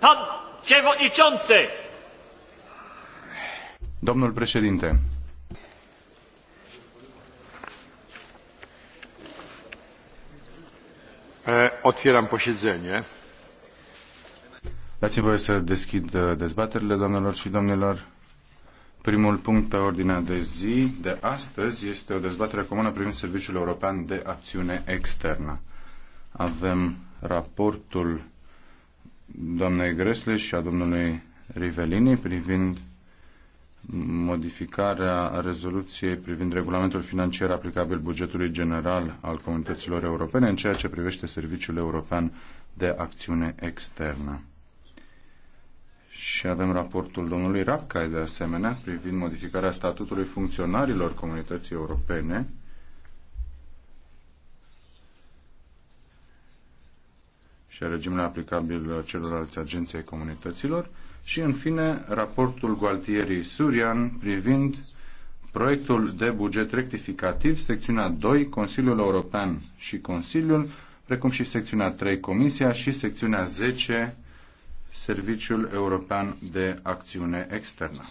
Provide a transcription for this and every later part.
Pan przewodniczący! Domnul președinte. Otwieram posiedzenie. Dați-mi voie să deschid dezbaterile, doamnelor și domnilor. Primul punct pe ordinea de zi de astăzi este o dezbatere comună privind Serviciul European de Acțiune Externă. Avem raportul doamnei Gresle și a domnului Rivelini privind modificarea rezoluției privind regulamentul financiar aplicabil bugetului general al comunităților europene în ceea ce privește Serviciul European de Acțiune Externă. Și avem raportul domnului Rapcai de asemenea privind modificarea statutului funcționarilor comunității europene și a regimului aplicabil celorlalți agenții ai comunităților și, în fine, raportul Gualtierii Surian privind proiectul de buget rectificativ, secțiunea 2, Consiliul European și Consiliul, precum și secțiunea 3, Comisia și secțiunea 10, Serviciul European de Acțiune Externă.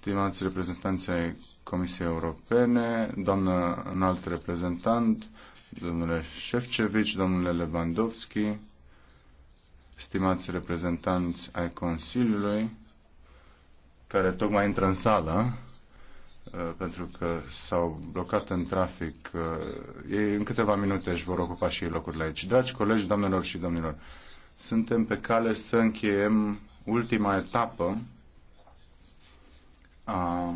stimați reprezentanți ai Comisiei Europene, doamnă înalt reprezentant, domnule Șefcevici, domnule Lewandowski, stimați reprezentanți ai Consiliului, care tocmai intră în sală, uh, pentru că s-au blocat în trafic. Uh, ei în câteva minute își vor ocupa și ei locurile aici. Dragi colegi, doamnelor și domnilor, suntem pe cale să încheiem ultima etapă a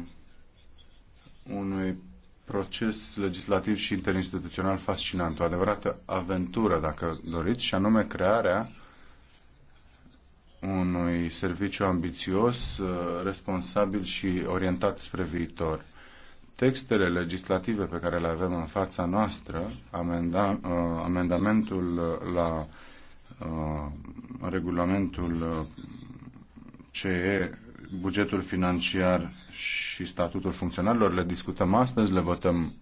unui proces legislativ și interinstituțional fascinant, o adevărată aventură, dacă doriți, și anume crearea unui serviciu ambițios, uh, responsabil și orientat spre viitor. Textele legislative pe care le avem în fața noastră, amenda, uh, amendamentul la uh, regulamentul CE bugetul financiar și statutul funcționarilor. Le discutăm astăzi, le votăm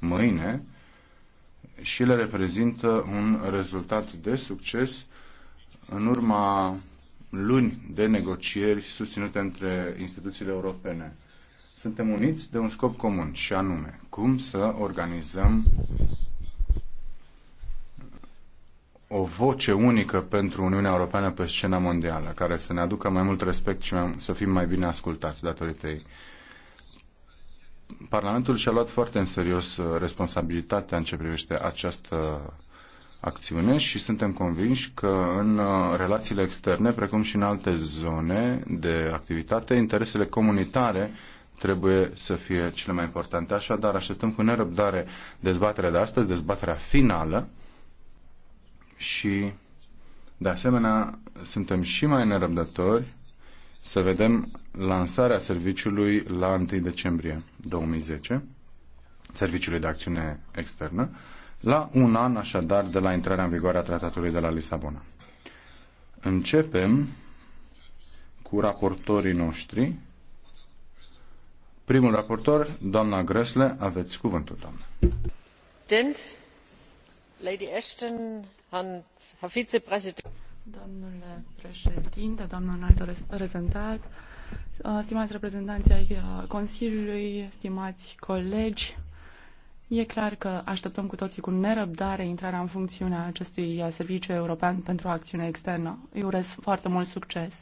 mâine și le reprezintă un rezultat de succes în urma luni de negocieri susținute între instituțiile europene. Suntem uniți de un scop comun și anume cum să organizăm o voce unică pentru Uniunea Europeană pe scena mondială, care să ne aducă mai mult respect și mai, să fim mai bine ascultați datorită ei. Parlamentul și-a luat foarte în serios uh, responsabilitatea în ce privește această acțiune și suntem convinși că în uh, relațiile externe, precum și în alte zone de activitate, interesele comunitare trebuie să fie cele mai importante. Așadar, așteptăm cu nerăbdare dezbaterea de astăzi, dezbaterea finală, și, de asemenea, suntem și mai nerăbdători să vedem lansarea serviciului la 1 decembrie 2010, serviciului de acțiune externă, la un an așadar de la intrarea în vigoare a tratatului de la Lisabona. Începem cu raportorii noștri. Primul raportor, doamna Gresle, aveți cuvântul, doamnă. Dent, Lady Ashton, Domnule președinte, doamnă reprezentant, uh, stimați reprezentanți ai uh, Consiliului, stimați colegi, e clar că așteptăm cu toții cu nerăbdare intrarea în funcțiune a acestui uh, Serviciu European pentru Acțiune Externă. Îi urez foarte mult succes.